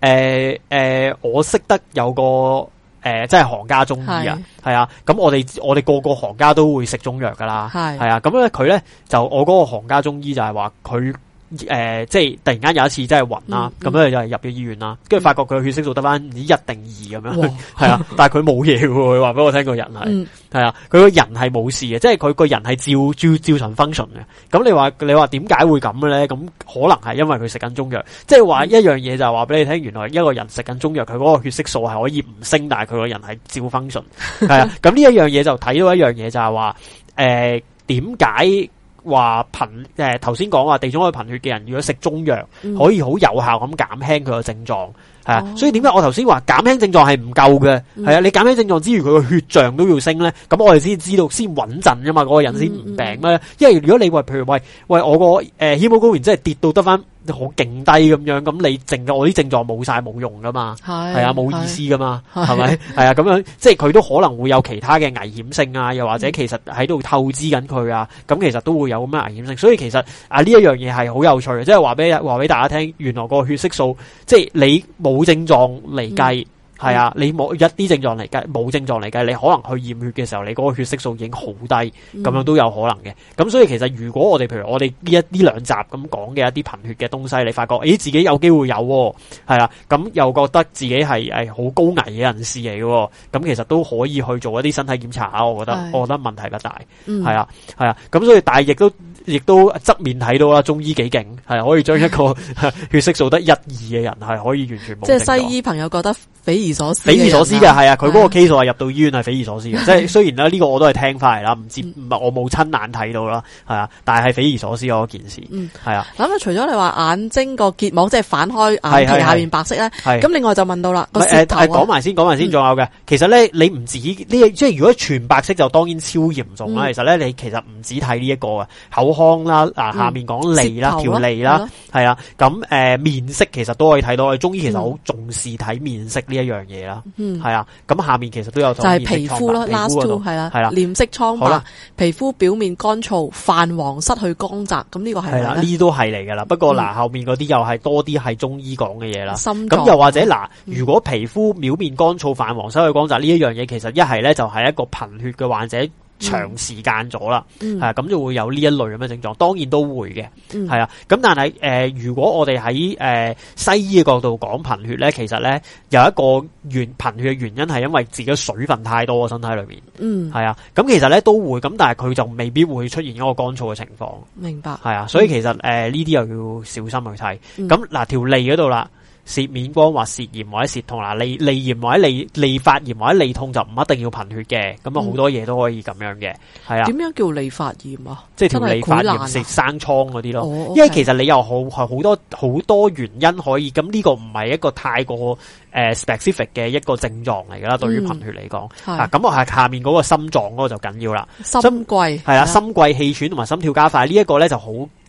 呃、誒、呃，我識得有個誒，即、呃、係行家中醫啊，係啊，咁我哋我哋個個行家都會食中藥噶啦，係係啊，咁咧佢咧就我嗰個行家中醫就係話佢。誒、呃，即係突然間有一次真係暈啦，咁、嗯、咧就係入咗醫院啦，跟、嗯、住發覺佢血色素得返一定二咁樣，係啊， 但係佢冇嘢喎，佢話俾我聽個人係，係、嗯、啊，佢個人係冇事嘅，即係佢個人係照照照 function 嘅。咁你話你話點解會咁嘅咧？咁可能係因為佢食緊中藥，即係話一樣嘢就係話俾你聽，原來一個人食緊中藥，佢嗰個血色素係可以唔升，但係佢個人係照 function。係、嗯、啊，咁呢一樣嘢就睇到一樣嘢就係、是、話，誒、呃，點解？話貧誒，頭先講話地中海貧血嘅人，如果食中藥，可以好有效咁減輕佢個症狀。係、啊、所以點解我頭先話減輕症狀係唔夠嘅？係、嗯、啊，你減輕症狀之餘，佢個血象都要升咧，咁、嗯、我哋先知道先穩陣吖嘛。嗰、那個人先唔病咩？因為如果你話，譬如喂喂，我個誒、呃、血高原真係跌到得翻好勁低咁樣，咁你淨我啲症狀冇晒冇用噶嘛？係啊，冇意思噶嘛？係咪？係啊，咁、啊、 樣即係佢都可能會有其他嘅危險性啊，又或者其實喺度透支緊佢啊，咁其實都會有咁嘅危險性。所以其實啊呢一樣嘢係好有趣嘅，即係話俾話俾大家聽，原來個血色素即係你冇冇症狀嚟計，係、嗯嗯、啊，你冇一啲症狀嚟計，冇症狀嚟計，你可能去驗血嘅時候，你嗰個血色素已經好低，咁樣都有可能嘅。咁、嗯、所以其實如果我哋，譬如我哋呢一呢兩集咁講嘅一啲貧血嘅東西，你發覺誒、哎、自己有機會有，係啊，咁、啊、又覺得自己係好高危嘅人士嚟嘅、啊，咁其實都可以去做一啲身體檢查，我覺得，我覺得問題不大，係、嗯、啊，係啊。咁所以，但係亦都。亦都側面睇到啦，中醫幾勁，係可以將一個呵呵血色素得一二嘅人係可以完全冇。即係西醫朋友覺得匪夷所思、啊。匪夷所思嘅係啊，佢嗰個 case 係入到醫院係匪夷所思嘅， 即係雖然呢個我都係聽翻嚟啦，唔知唔係我冇親眼睇到啦，係啊，但係係匪夷所思嗰件事，係啊。咁、嗯、啊，除咗你話眼睛個結膜即係、就是、反開眼皮下面白色咧，咁另外就問到啦，誒講埋先，講埋先，仲、嗯、有嘅。其實咧，你唔止呢，即係如果全白色就當然超嚴重啦、嗯。其實咧，你其實唔止睇呢一個啊。口。康啦，嗱，下面講脷啦，條脷啦，係啊，咁誒、啊呃，面色其實都可以睇到，我、嗯、哋中醫其實好重視睇面色呢一樣嘢啦。嗯，係啊，咁、嗯、下面其實都有就係皮膚啦，last two 係啦，係啦，臉色蒼白，皮膚表面乾燥、泛黃、失去光澤，咁呢個係咪咧？係啦，呢都係嚟噶啦。不過嗱、嗯，後面嗰啲又係多啲係中醫講嘅嘢啦。咁又或者嗱、嗯，如果皮膚表面乾燥、泛黃、失去光澤呢一樣嘢，其實一係咧就係、是、一個貧血嘅患者。長時間咗啦，係、嗯、啊，咁、嗯、就會有呢一類咁嘅症狀，當然都會嘅，係、嗯、啊。咁但係，誒、呃，如果我哋喺誒西醫嘅角度講貧血咧，其實咧有一個原貧血嘅原因係因為自己水分太多，身體裏面，係、嗯、啊。咁、嗯、其實咧都會，咁但係佢就未必會出現一個乾燥嘅情況。明白，係啊。所以其實誒呢啲又要小心去睇。咁、嗯、嗱，條脷嗰度啦。喇舌面光或舌炎或者舌痛嗱，脣脣炎或者脣脣發炎，脣脣炎或者脣痛就唔一定要貧血嘅，咁啊好多嘢都可以咁樣嘅，係、嗯、啊。點樣叫脣發炎啊？即係、啊、條脣發炎、啊，食生瘡嗰啲咯。Oh, okay. 因為其實你又好係好多好多原因可以，咁呢個唔係一個太過誒、呃、specific 嘅一個症狀嚟噶啦，對於貧血嚟講。係、嗯、啊。咁啊係下面嗰個心臟嗰個就緊要啦。心悸係啊，心悸氣喘同埋心跳加快、這個、呢一個咧就好。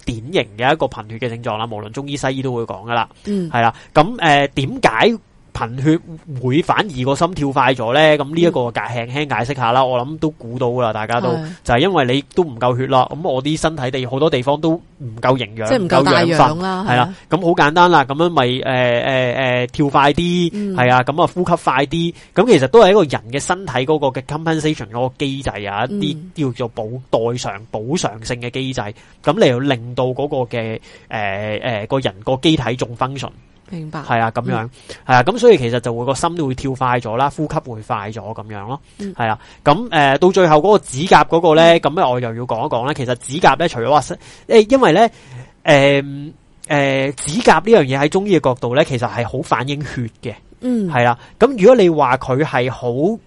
典型嘅一個貧血嘅症狀啦，無論中醫西醫都會講㗎喇，嗯，係啦，咁呃點解？貧血會反而個心跳快咗咧，咁呢一個解輕輕解釋下啦。我諗都估到啦，大家都就係因為你都唔夠血啦。咁我啲身體地好多地方都唔夠營養，即唔夠養分啦。係啦，咁好簡單啦。咁樣咪、呃呃呃、跳快啲，係、嗯、啊，咁啊呼吸快啲。咁其實都係一個人嘅身體嗰個嘅 compensation 嗰個機制啊，一、嗯、啲叫做補代償、補償性嘅機制，咁你要令到嗰個嘅、呃呃、個人個機體仲 function。明白，係啊，咁樣，係、嗯、啊，咁所以其實就會個心都會跳快咗啦，呼吸會快咗咁樣咯，係、嗯、啊，咁、呃、誒到最後嗰個指甲嗰個咧，咁咧我又要講一講咧，其實指甲咧除咗話，誒，因為咧，誒、呃，誒、呃，指甲呢樣嘢喺中醫嘅角度咧，其實係好反映血嘅，嗯、啊，係啦，咁如果你話佢係好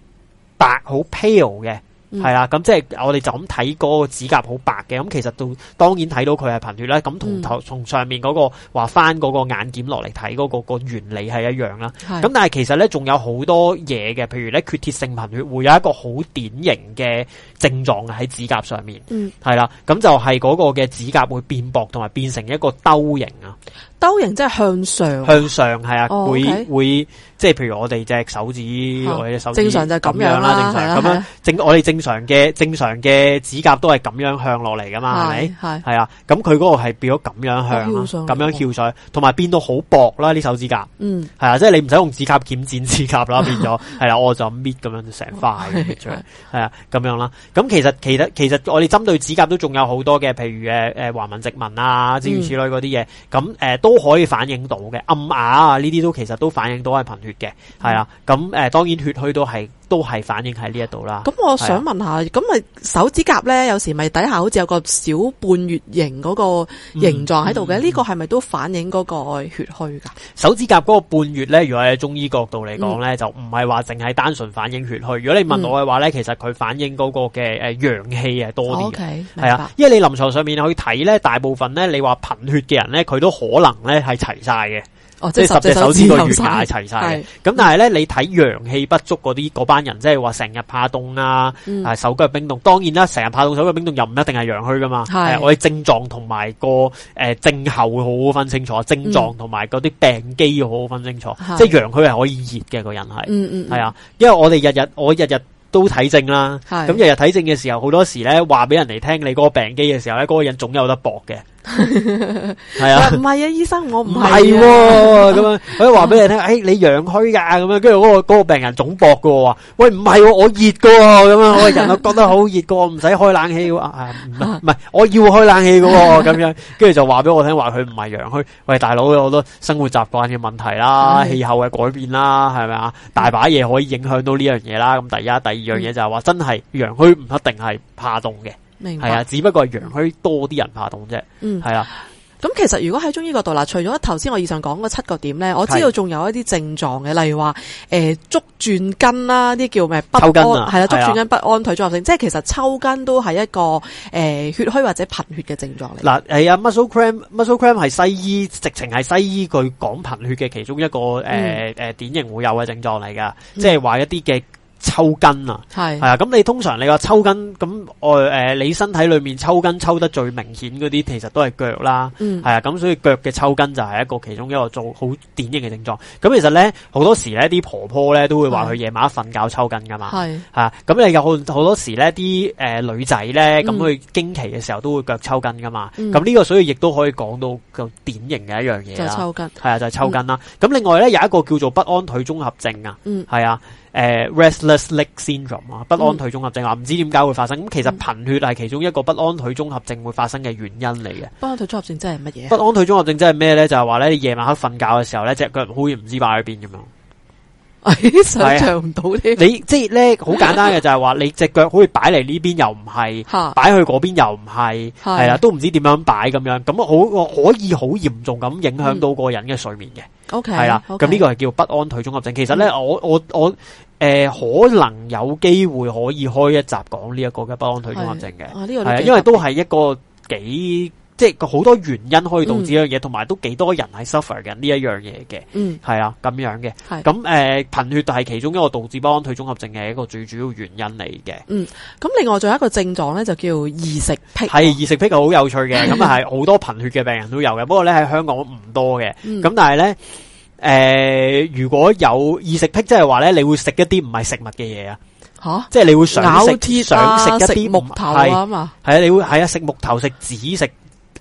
白好 pale 嘅。係、嗯、啦，咁即係我哋就咁睇嗰個指甲好白嘅，咁其實都當然睇到佢係貧血啦。咁同頭從、嗯、上面嗰、嗰個話翻嗰個眼檢落嚟睇嗰個、嗰個原理係一樣啦。咁但係其實咧仲有好多嘢嘅，譬如咧缺鐵性貧血會有一個好典型嘅症狀喺指甲上面，係、嗯、啦，咁就係嗰個嘅指甲會變薄同埋變成一個兜形啊。兜形即係向上，向上係啊、哦，會、okay? 會即係譬如我哋隻手指、嗯、我哋隻手指正常就係咁樣啦、啊，正常咁、啊、樣正我哋正常嘅正常嘅指甲都係咁樣向落嚟噶嘛，係咪係啊？咁佢嗰個係變咗咁樣向，咁樣翹上，同、哦、埋變到好薄啦啲手指甲，嗯，係啊，即係你唔使用，用指甲鉗剪指甲啦， 變咗係啦，我就搣咁樣成塊係係啊，咁樣啦。咁其實其實其實我哋針對指甲都仲有好多嘅，譬如誒誒華文殖民啊，諸如此類嗰啲嘢，咁誒都。都可以反映到嘅，暗啞啊呢啲都其實都反映到係貧血嘅。係、嗯、啊，咁誒、呃、當然血虛都係。都係反映喺呢一度啦。咁我想問下，咁啊手指甲咧，有時咪底下好似有個小半月形嗰個形狀喺度嘅？呢、嗯嗯這個係咪都反映嗰個血虛噶？手指甲嗰個半月咧，如果喺中醫角度嚟講咧，就唔係話淨係單純反映血虛、嗯。如果你問我嘅話咧，其實佢反映嗰個嘅誒陽氣啊多啲。係、嗯 okay，明白。啊，因為你臨床上面去睇咧，大部分咧你話貧血嘅人咧，佢都可能咧係齊晒嘅。哦、即係十隻手指個穴位齊晒，咁、哦、但係咧、嗯，你睇陽氣不足嗰啲嗰班人是說、啊，即係話成日怕凍啊，手腳冰凍。當然啦，成日怕凍手腳冰凍又唔一定係陽虛噶嘛。係、呃、我哋症狀同埋個誒、呃、症候會好好分清楚，症狀同埋嗰啲病機要好好分清楚。嗯、即係陽虛係可以熱嘅個人係，係、嗯嗯、啊，因為我哋日日我日日都睇症啦。咁日日睇症嘅時候，好多時咧話俾人哋聽你嗰個病機嘅時候咧，嗰、嗰個人總有得搏嘅。係 啊，唔、啊、係啊，醫生，我唔係咁樣，可以話俾你聽，誒、啊哎，你陽虛噶咁樣，跟住嗰個、嗰個病人總駁噶，喂，唔係、啊、我熱噶，咁樣我人啊覺得好熱噶，唔使開冷氣喎。唔、啊、係、啊啊啊、我要開冷氣噶，咁樣，跟住就話俾我聽，話佢唔係陽虛，喂，大佬，有好多生活習慣嘅問題啦，氣候嘅改變啦，係咪啊？大把嘢可以影響到呢樣嘢啦，咁第一、第二樣嘢、嗯、就係話真係陽虛唔一定係怕凍嘅。係啊，只不過係陽虛多啲人怕凍啫。嗯，係啊。咁其實如果喺中醫角度啦，除咗頭先我以上講嗰七個點咧，我知道仲有一啲症狀嘅，例如話誒足轉筋啦，啲、呃、叫咩？抽筋啊，係啦，啊，足轉筋不安腿作性，啊、即係其實抽筋都係一個誒、呃、血虛或者貧血嘅症狀嚟。嗱、啊，係啊，muscle cramp，muscle cramp 係西醫直情係西醫佢講貧血嘅其中一個誒誒、嗯呃、典型會有嘅症狀嚟噶，即係話一啲嘅。抽筋啊，係啊，咁你通常你個抽筋，咁我誒，你身體裏面抽筋抽得最明顯嗰啲，其實都係腳啦，係、嗯、啊，咁所以腳嘅抽筋就係一個其中一個做好典型嘅症狀。咁其實咧好多時咧啲婆婆咧都會話佢夜晚瞓覺抽筋噶嘛，係吓，咁你有好多時咧啲誒女仔咧咁佢經期嘅時候都會腳抽筋噶嘛，咁、嗯、呢個所以亦都可以講到個典型嘅一樣嘢，就是，抽筋係啊，就係、是、抽筋啦。咁、嗯、另外咧有一個叫做不安腿綜合症啊，係、嗯、啊。誒、呃、restless leg syndrome 啊，不安腿綜合症啊，唔、嗯、知點解會發生？咁其實貧血係其中一個不安腿綜合症會發生嘅原因嚟嘅、嗯。不安腿綜合症真係乜嘢？不安腿綜合症真係咩咧？就係話咧，你夜晚黑瞓覺嘅時候咧，隻腳好似唔知擺喺邊咁樣。想象唔到呢？你即係咧，好簡單嘅就係話你隻腳可以擺嚟呢邊，又唔係擺去嗰邊，又唔係，係啦，都唔知點樣擺咁樣咁啊，好我可以好嚴重咁影響到個人嘅睡眠嘅。O K 係啦，咁呢個係叫不安腿綜合症。其實咧，我我我誒，可能有機會可以開一集講呢一個嘅不安腿綜合症嘅係啊，因為都係一個幾。即係好多原因可以導致呢樣嘢，同埋都幾多人係 suffer 嘅呢一樣嘢嘅。嗯，係、嗯、啊，咁樣嘅。咁，誒，貧、呃、血就係其中一個導致不安腿綜合症嘅一個最主要原因嚟嘅。嗯，咁另外仲有一個症狀咧，就叫異食癖、啊。係異食癖係好有趣嘅，咁啊係好多貧血嘅病人都有嘅。不過咧，喺香港唔多嘅。咁、嗯、但係咧，誒、呃，如果有異食癖，即係話咧，你會食一啲唔係食物嘅嘢啊？吓，即係你會想、啊、想一食一啲木頭啊嘛？係啊，你會係啊食木頭食紙食，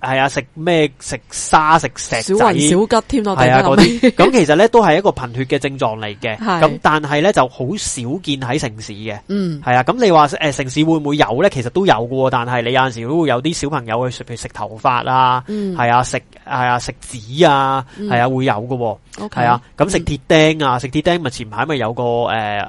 係啊，食咩食沙食石仔，小雲小吉添咯，係啊嗰啲。咁 其實咧都係一個貧血嘅症狀嚟嘅。咁但係咧就好少見喺城市嘅。嗯。係啊，咁你話誒、呃、城市會唔會有咧？其實都有噶、哦，但係你有陣時都會有啲小朋友去食食頭髮啦、啊。係、嗯、啊，食係啊食紙啊，係啊會有噶。O K。係啊，咁食鐵釘啊，食鐵釘咪前排咪有個誒誒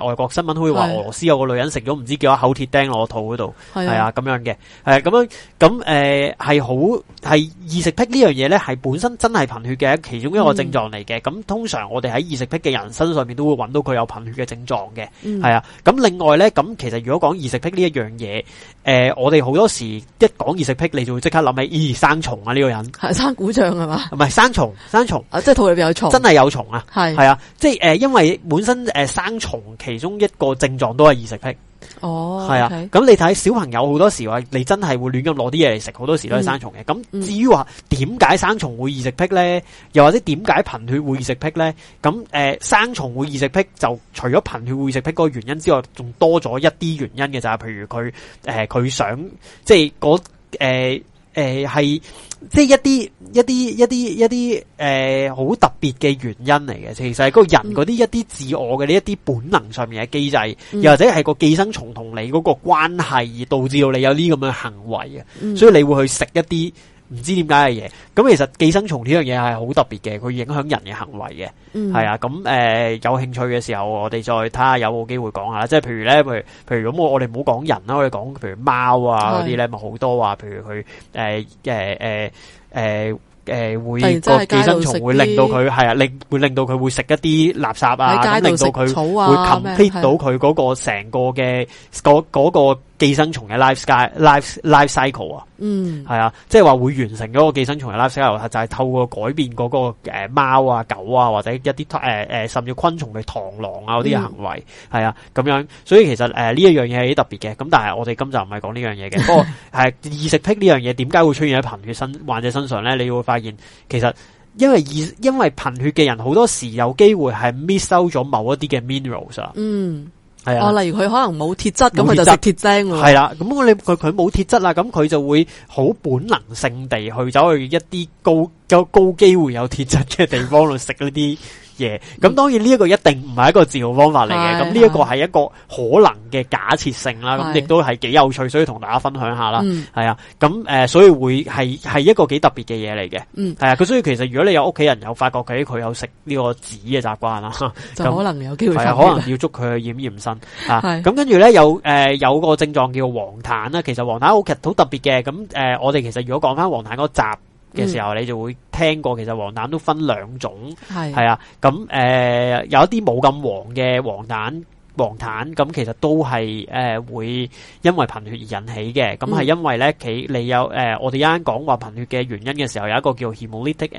誒外國新聞好似話俄羅斯有個女人食咗唔知幾多口鐵釘落肚嗰度。係啊。係啊，咁樣嘅。誒、啊，咁樣咁誒係。呃好係異食癖呢樣嘢咧，係本身真係貧血嘅其中一個症狀嚟嘅。咁、嗯、通常我哋喺異食癖嘅人身上面都會揾到佢有貧血嘅症狀嘅。係、嗯、啊。咁另外咧，咁其實如果講異食癖呢一樣嘢，誒、呃，我哋好多時一講異食癖，你就會即刻諗起，咦，生蟲啊呢、這個人，生蠱脹係嘛？唔係生蟲，生蟲啊，即係肚裏邊有蟲，真係有蟲啊。係係啊，即係誒、呃，因為本身誒、呃、生蟲其中一個症狀都係異食癖。哦，係啊，咁你睇小朋友好多時話，你真係會亂咁攞啲嘢嚟食，好多時都係生蟲嘅。咁、嗯、至於話點解生蟲會異食癖呢？又或者點解貧血會異食癖呢？咁誒、呃，生蟲會異食癖就除咗貧血會異食癖嗰個原因之外，仲多咗一啲原因嘅就係，譬如佢誒，佢、呃、想即係嗰誒誒係。呃呃呃即係一啲一啲一啲一啲誒，好、呃、特別嘅原因嚟嘅，其實係個人嗰啲、嗯、一啲自我嘅呢一啲本能上面嘅機制，嗯、又或者係個寄生蟲同你嗰個關係而導致到你有呢咁嘅行為嘅、嗯、所以你會去食一啲。唔知點解嘅嘢。咁其實寄生蟲呢樣嘢係好特別嘅，佢影響人嘅行為嘅，係啊，咁誒有興趣嘅時候，我哋再睇下有冇機會講下啦。即係譬如咧，譬如譬如咁，我我哋唔好講人啦，我哋講譬如貓啊嗰啲咧，咪好多話。譬如佢誒誒誒誒誒會個寄生蟲會令到佢係啊，令會令到佢會食一啲垃圾啊，令到佢會冚 fit 到佢嗰個成個嘅嗰嗰個寄生蟲嘅 life cycle，life life cycle, life, life cycle、嗯、是啊，嗯，係啊，即係話會完成嗰個寄生蟲嘅 life cycle，就係透過改變嗰個誒貓啊、狗啊或者一啲誒誒甚至昆蟲嘅螳螂啊嗰啲行為，係、嗯、啊，咁樣，所以其實誒呢一樣嘢係幾特別嘅，咁但係我哋今集唔係講呢樣嘢嘅，不過係異 食癖呢樣嘢點解會出現喺貧血身患者身上咧？你會發現其實因為異因為貧血嘅人好多時候有機會係 miss out 咗某一啲嘅 minerals 啊，嗯。哦、啊啊，例如佢可能冇鐵質，咁佢就食鐵精。係啦、啊，咁我你佢佢冇鐵質啦，咁佢就會好本能性地去走去一啲高有高高機會有鐵質嘅地方度食嗰啲。嘢、嗯、咁當然呢一個一定唔係一個治療方法嚟嘅，咁呢一個係一個可能嘅假設性啦，咁亦、嗯、都係幾有趣，所以同大家分享下啦，係、嗯、啊，咁、呃、所以會係係一個幾特別嘅嘢嚟嘅，係、嗯、啊，佢所以其實如果你有屋企人有發覺佢佢有食呢個紙嘅習慣啦，就可能有機會係啊、 嗯，可能要捉佢去驗驗身，咁跟住咧有、呃、有個症狀叫黃疸啦，其實黃疸好好特別嘅，咁、呃、我哋其實如果講翻黃疸嗰集。嘅時候，你就會聽過其實黃疸都分兩種，係係啊，咁誒有一啲冇咁黃嘅黃疸黃疸，咁其實都係誒會因為貧血而引起嘅，咁係因為咧佢你有誒我哋啱啱講話貧血嘅原因嘅時候，有一個叫 hemolytic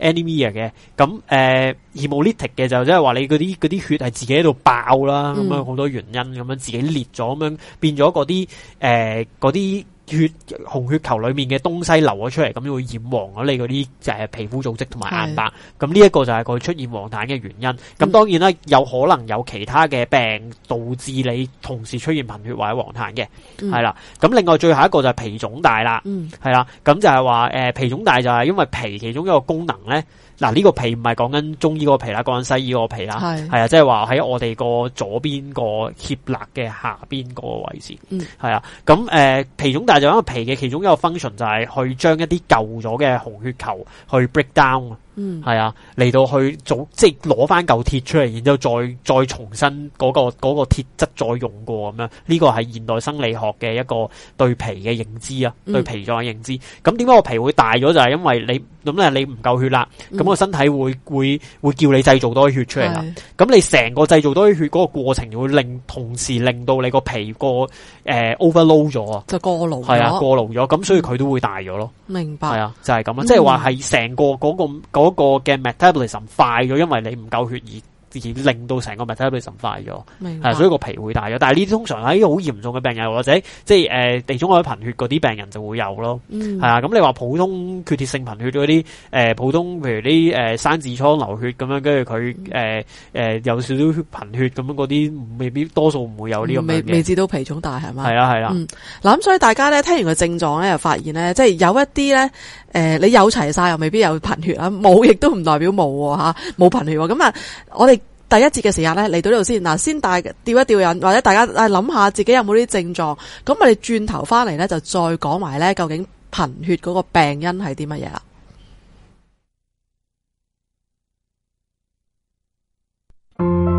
anemia 嘅，咁誒 hemolytic 嘅就即係話你嗰啲嗰啲血係自己喺度爆啦，咁樣好多原因咁樣自己裂咗，咁樣變咗嗰啲誒嗰啲。血紅血球裏面嘅東西流咗出嚟，咁就會染黃咗你嗰啲誒皮膚組織同埋眼白，咁呢一個就係佢出現黃疸嘅原因。咁、嗯、當然啦，有可能有其他嘅病導致你同時出現貧血或者黃疸嘅，係、嗯、啦。咁另外最後一個就係脾腫大啦，係、嗯、啦。咁就係話誒脾腫大就係因為脾其中一個功能咧。嗱，呢個脾唔係講緊中醫個脾啦，講緊西醫個脾啦，係啊，即係話喺我哋個左邊個脅肋嘅下邊個位置，係、嗯、啊，咁、呃、脾腫大就因為脾嘅其中一個 function 就係去將一啲舊咗嘅紅血球去 break down。係啊，嚟到去做即係攞翻嚿鐵出嚟，然之後再再重新嗰、那個嗰、那個鐵質再用過咁樣，呢、這個係現代生理學嘅一個對脾嘅認知啊，嗯、對脾臟嘅認知。咁點解個脾會大咗？就係、是、因為你咁咧，你唔夠血啦，咁、嗯、個身體會會會叫你製造多啲血出嚟啦。咁你成個製造多啲血嗰個過程，會令同時令到你個脾個誒、呃、overload 咗啊、嗯、啊，就過 load 係啊，過 load 咗，咁所以佢都會大咗咯。明白係啊，就係咁啊，即係話係成個嗰、那個、嗯那個嗰、那個嘅 metabolism 快咗，因為你唔夠血而而令到成個 metabolism 快咗，係、啊、所以個脾會大咗。但係呢啲通常喺好、哎、嚴重嘅病人，或者即係誒、呃、地中海貧血嗰啲病人就會有咯，係、嗯、啊。咁你話普通缺鐵性貧血嗰啲誒普通，譬如啲誒生痔瘡流血咁樣，跟住佢誒誒有少少貧血咁樣嗰啲，未必多數唔會有呢個未未至到脾腫大係嘛？係啊，係啦、啊。嗱、嗯、所以大家咧聽完個症狀咧，又發現咧，即係有一啲咧。誒、呃，你有齊晒又未必有貧血啊，冇亦都唔代表冇吓，冇貧血。咁啊，我哋第一節嘅時間咧嚟到呢度先，嗱，先大調一調人，或者大家誒諗下自己有冇啲症狀，咁我哋轉頭翻嚟咧就再講埋咧究竟貧血嗰個病因係啲乜嘢啦。